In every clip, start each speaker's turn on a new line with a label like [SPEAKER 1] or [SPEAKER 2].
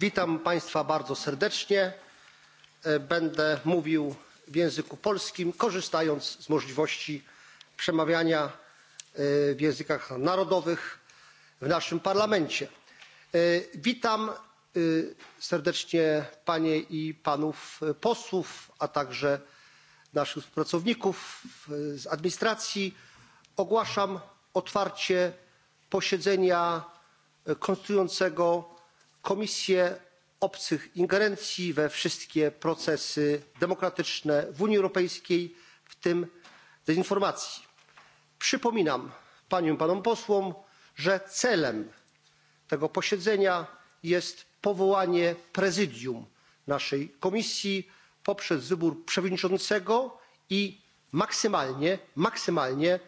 [SPEAKER 1] witam państwa bardzo serdecznie. będę mówił w języku polskim korzystając z możliwości przemawiania w językach narodowych w naszym parlamencie. witam serdecznie panie i panów posłów a także naszych współpracowników z administracji. ogłaszam otwarcie posiedzenia konstytuującego komisję obcych ingerencji we wszystkie procesy demokratyczne w unii europejskiej w tym dezinformacji. przypominam paniom i panom posłom że celem tego posiedzenia jest powołanie prezydium naszej komisji poprzez wybór przewodniczącego i maksymalnie maksymalnie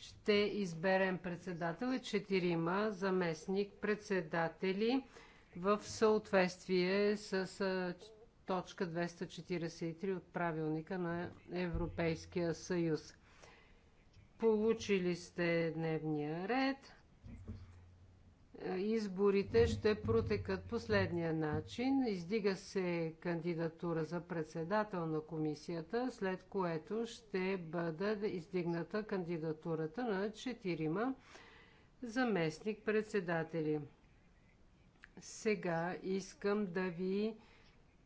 [SPEAKER 2] ще изберем председател и четирима заместник председатели в съответствие с точка 243 от правилника на Европейския съюз. Получили сте дневния ред изборите ще протекат последния начин. Издига се кандидатура за председател на комисията, след което ще бъде издигната кандидатурата на четирима заместник-председатели. Сега искам да ви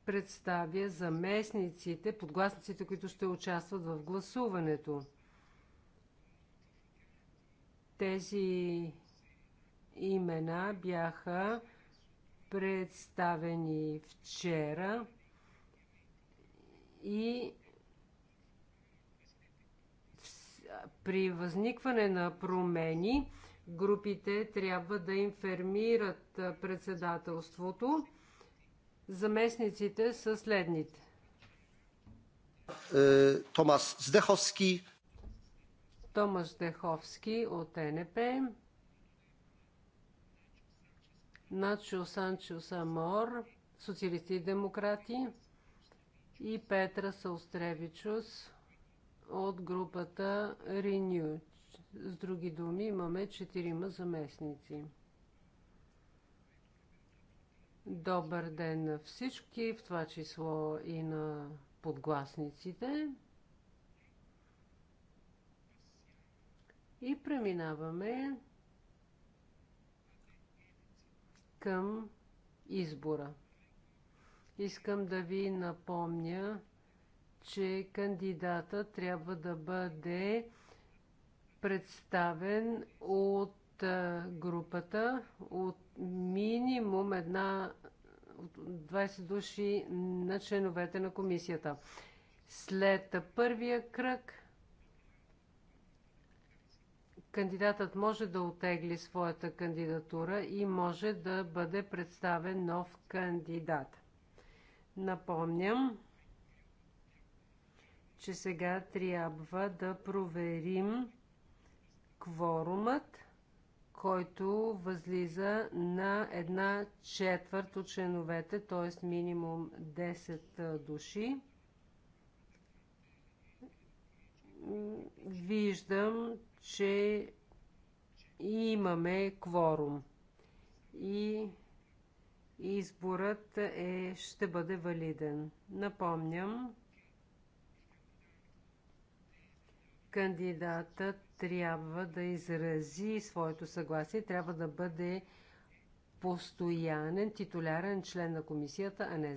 [SPEAKER 2] представя заместниците, подгласниците, които ще участват в гласуването. Тези имена бяха представени вчера и при възникване на промени групите трябва да информират председателството. Заместниците са следните.
[SPEAKER 1] Е, Томас Здеховски.
[SPEAKER 2] Томас Здеховски от НП. Начо Санчо Самор, социалисти и демократи, и Петра Саустревичус от групата Renew. С други думи, имаме четирима заместници. Добър ден на всички, в това число и на подгласниците. И преминаваме към избора. Искам да ви напомня, че кандидата трябва да бъде представен от групата от минимум една 20 души на членовете на комисията. След първия кръг кандидатът може да отегли своята кандидатура и може да бъде представен нов кандидат. Напомням, че сега трябва да проверим кворумът, който възлиза на една четвърт от членовете, т.е. минимум 10 души. Виждам, че имаме кворум и изборът е, ще бъде валиден. Напомням, кандидатът трябва да изрази своето съгласие, трябва да бъде постоянен, титулярен член на комисията, а не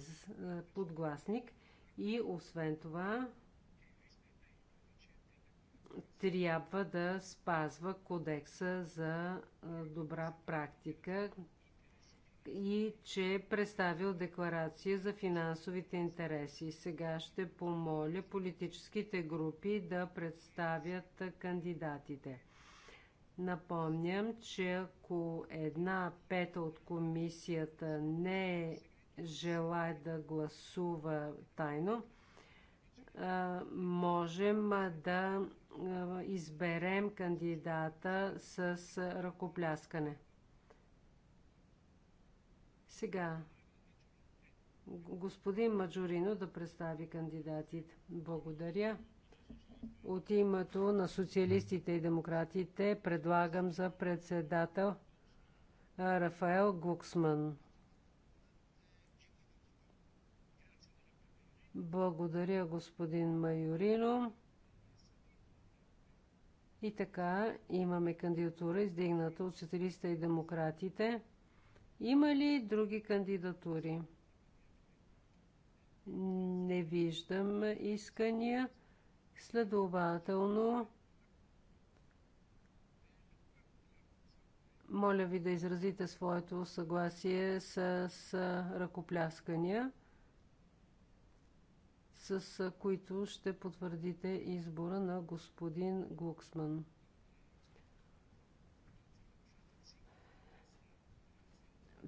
[SPEAKER 2] подгласник. И освен това, трябва да спазва кодекса за добра практика и че е представил декларация за финансовите интереси. Сега ще помоля политическите групи да представят кандидатите. Напомням, че ако една пета от комисията не желая да гласува тайно, можем да е, изберем кандидата с ръкопляскане. Сега господин Маджорино да представи кандидатите. Благодаря. От името на социалистите и демократите предлагам за председател е, Рафаел Гуксман. Благодаря, господин Майорино. И така имаме кандидатура, издигната от социалистите и демократите. Има ли други кандидатури? Не виждам искания. Следователно, моля ви да изразите своето съгласие с ръкопляскания с които ще потвърдите избора на господин Глуксман.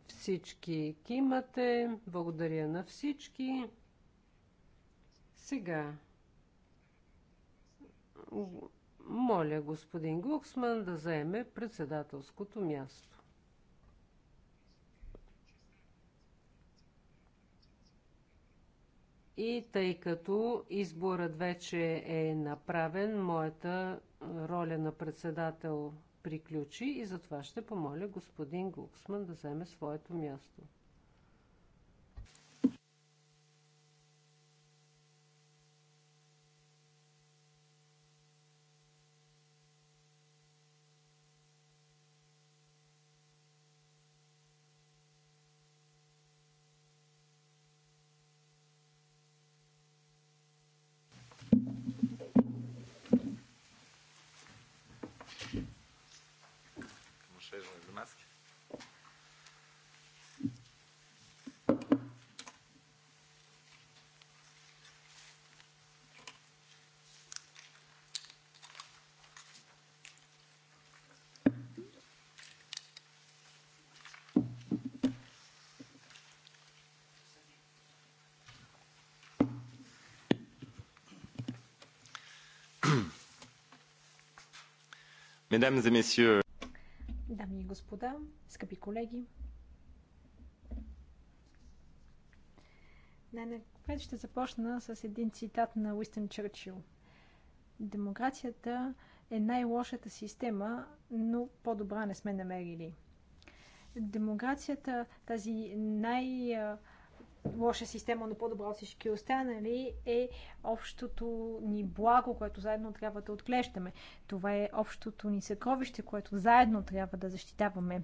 [SPEAKER 2] Всички кимате. Благодаря на всички. Сега. Моля господин Глуксман да заеме председателското място. И тъй като изборът вече е направен, моята роля на председател приключи и затова ще помоля господин Гуксман да вземе своето място.
[SPEAKER 1] маски. Mesdames et messieurs,
[SPEAKER 3] Дами и господа, скъпи колеги, най-напред ще започна с един цитат на Уистън Чърчил. Демокрацията е най-лошата система, но по-добра не сме намерили. Демокрацията, тази най- лоша система, но по-добра от всички останали, е общото ни благо, което заедно трябва да отглеждаме. Това е общото ни съкровище, което заедно трябва да защитаваме.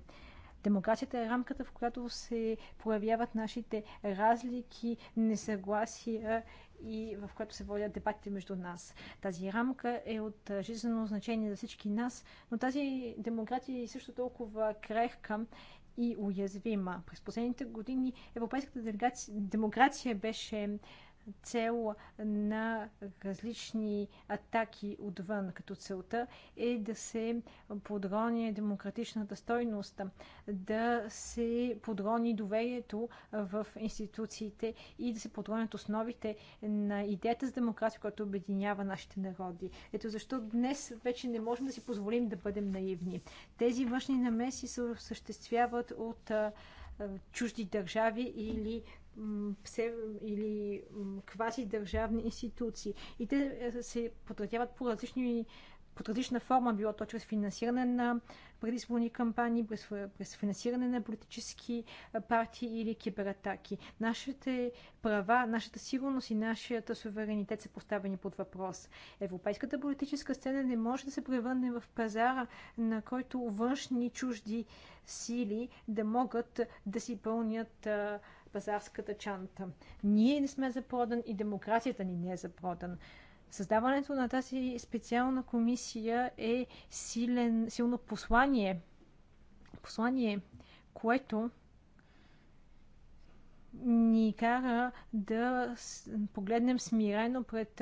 [SPEAKER 3] Демокрацията е рамката, в която се проявяват нашите разлики, несъгласия и в която се водят дебатите между нас. Тази рамка е от жизнено значение за всички нас, но тази демокрация е също толкова крехка и уязвима. През последните години европейската демокрация беше цел на различни атаки отвън, като целта е да се подрони демократичната стойност, да се подрони доверието в институциите и да се подронят основите на идеята за демокрация, която обединява нашите народи. Ето защо днес вече не можем да си позволим да бъдем наивни. Тези външни намеси се осъществяват от чужди държави или или квази държавни институции. И те е, се потратяват по различни под различна форма, било то чрез финансиране на предизборни кампании, през, през финансиране на политически партии или кибератаки. Нашите права, нашата сигурност и нашата суверенитет са поставени под въпрос. Европейската политическа сцена не може да се превърне в пазара, на който външни чужди сили да могат да си пълнят а, пазарската чанта. Ние не сме за продан и демокрацията ни не е за продан. Създаването на тази специална комисия е силен, силно послание, послание, което ни кара да погледнем смирено пред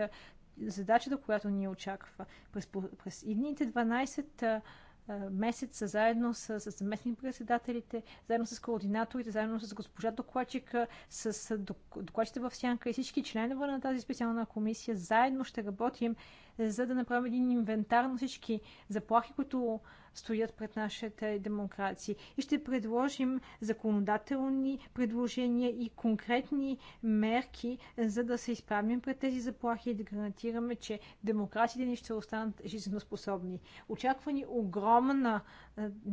[SPEAKER 3] задачата, която ни очаква. През, през идните 12 е, месец заедно с, с заместник председателите, заедно с координаторите, заедно с госпожа докладчика, с докладчите в Сянка и всички членове на тази специална комисия. Заедно ще работим за да направим един инвентар на всички заплахи, които стоят пред нашите демокрации. И ще предложим законодателни предложения и конкретни мерки, за да се изправим пред тези заплахи и да гарантираме, че демокрациите ни ще останат жизнеспособни. Очаква ни огромна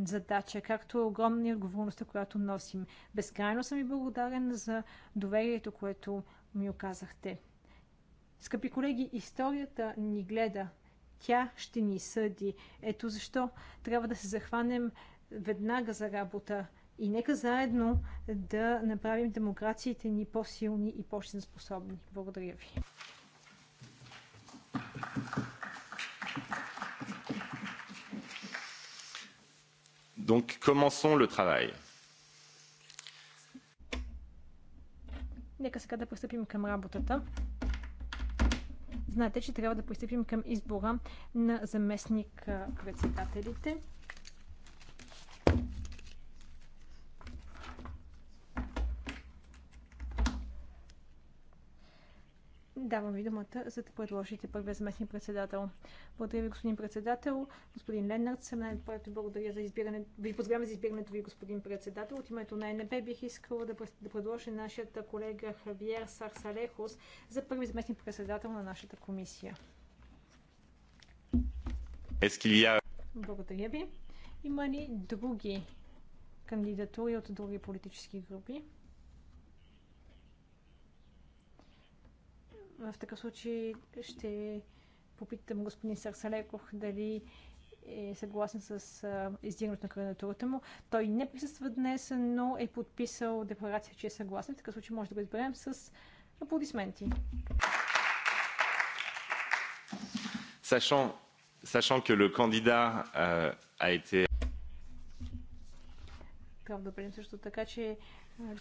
[SPEAKER 3] задача, както е огромна и отговорността, която носим. Безкрайно съм и благодарен за доверието, което ми оказахте. Скъпи колеги, историята ни гледа. Тя ще ни съди. Ето защо трябва да се захванем веднага за работа и нека заедно да направим демокрациите ни по-силни и по-щенспособни. Благодаря ви.
[SPEAKER 1] Donc, commençons le travail.
[SPEAKER 3] Нека сега да пристъпим към работата. Знаете, че трябва да пристъпим към избора на заместник председателите. Давам ви думата, за да предложите първия заместник председател. Благодаря ви, господин председател. Господин Ленард, съм най-напред благодаря за избирането, Ви поздравя за избирането ви, господин председател. От името на НБ бих искала да, да предложа нашата колега Хавиер Сарсалехос за първи заместник председател на нашата комисия. Ескилия. Благодаря ви. Има ли други кандидатури от други политически групи? В такъв случай ще попитам господин Сарсалеков дали е съгласен с издигането на кандидатурата му. Той не присъства днес, но е подписал декларация, че е съгласен. В такъв случай може да го изберем с аплодисменти.
[SPEAKER 1] Sachant, sachant que le candidat euh, a été
[SPEAKER 3] отбележим също така, че е,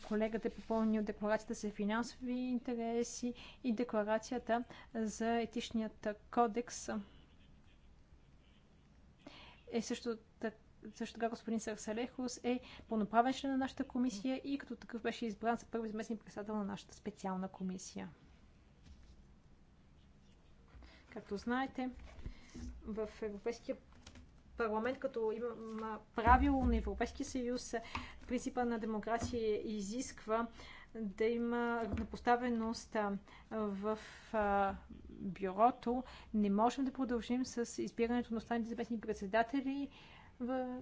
[SPEAKER 3] колегата е попълнил декларацията за финансови интереси и декларацията за етичният кодекс. Е също така също така господин Сарсалехос е пълноправен член на нашата комисия и като такъв беше избран за първи заместник председател на нашата специална комисия. Както знаете, в Европейския парламент, като има правило на Европейския съюз, принципа на демокрация изисква да има равнопоставеност в бюрото. Не можем да продължим с избирането на останалите заместни председатели в...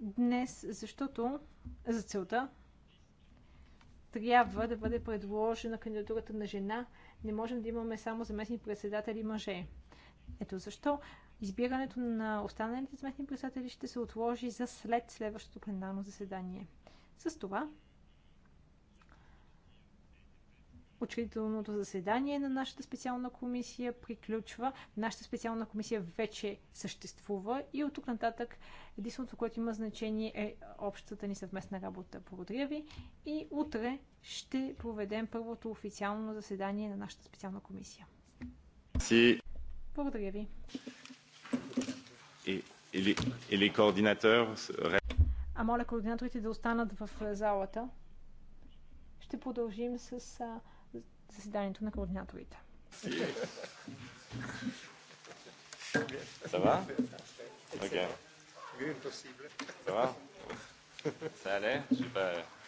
[SPEAKER 3] днес, защото за целта трябва да бъде предложена кандидатурата на жена. Не можем да имаме само заместни председатели мъже. Ето защо Избирането на останалите сметни председатели ще се отложи за след следващото пленарно заседание. С това Учредителното заседание на нашата специална комисия приключва. Нашата специална комисия вече съществува и от тук нататък единственото, което има значение е общата ни съвместна работа. Благодаря ви и утре ще проведем първото официално заседание на нашата специална комисия. Благодаря ви
[SPEAKER 1] et, et, les, et les coordinateurs
[SPEAKER 3] а моля координаторите да останат в е, залата. Ще продължим с заседанието на координаторите. Ça va Ok.
[SPEAKER 1] Ça va Ça allait Je sais pas.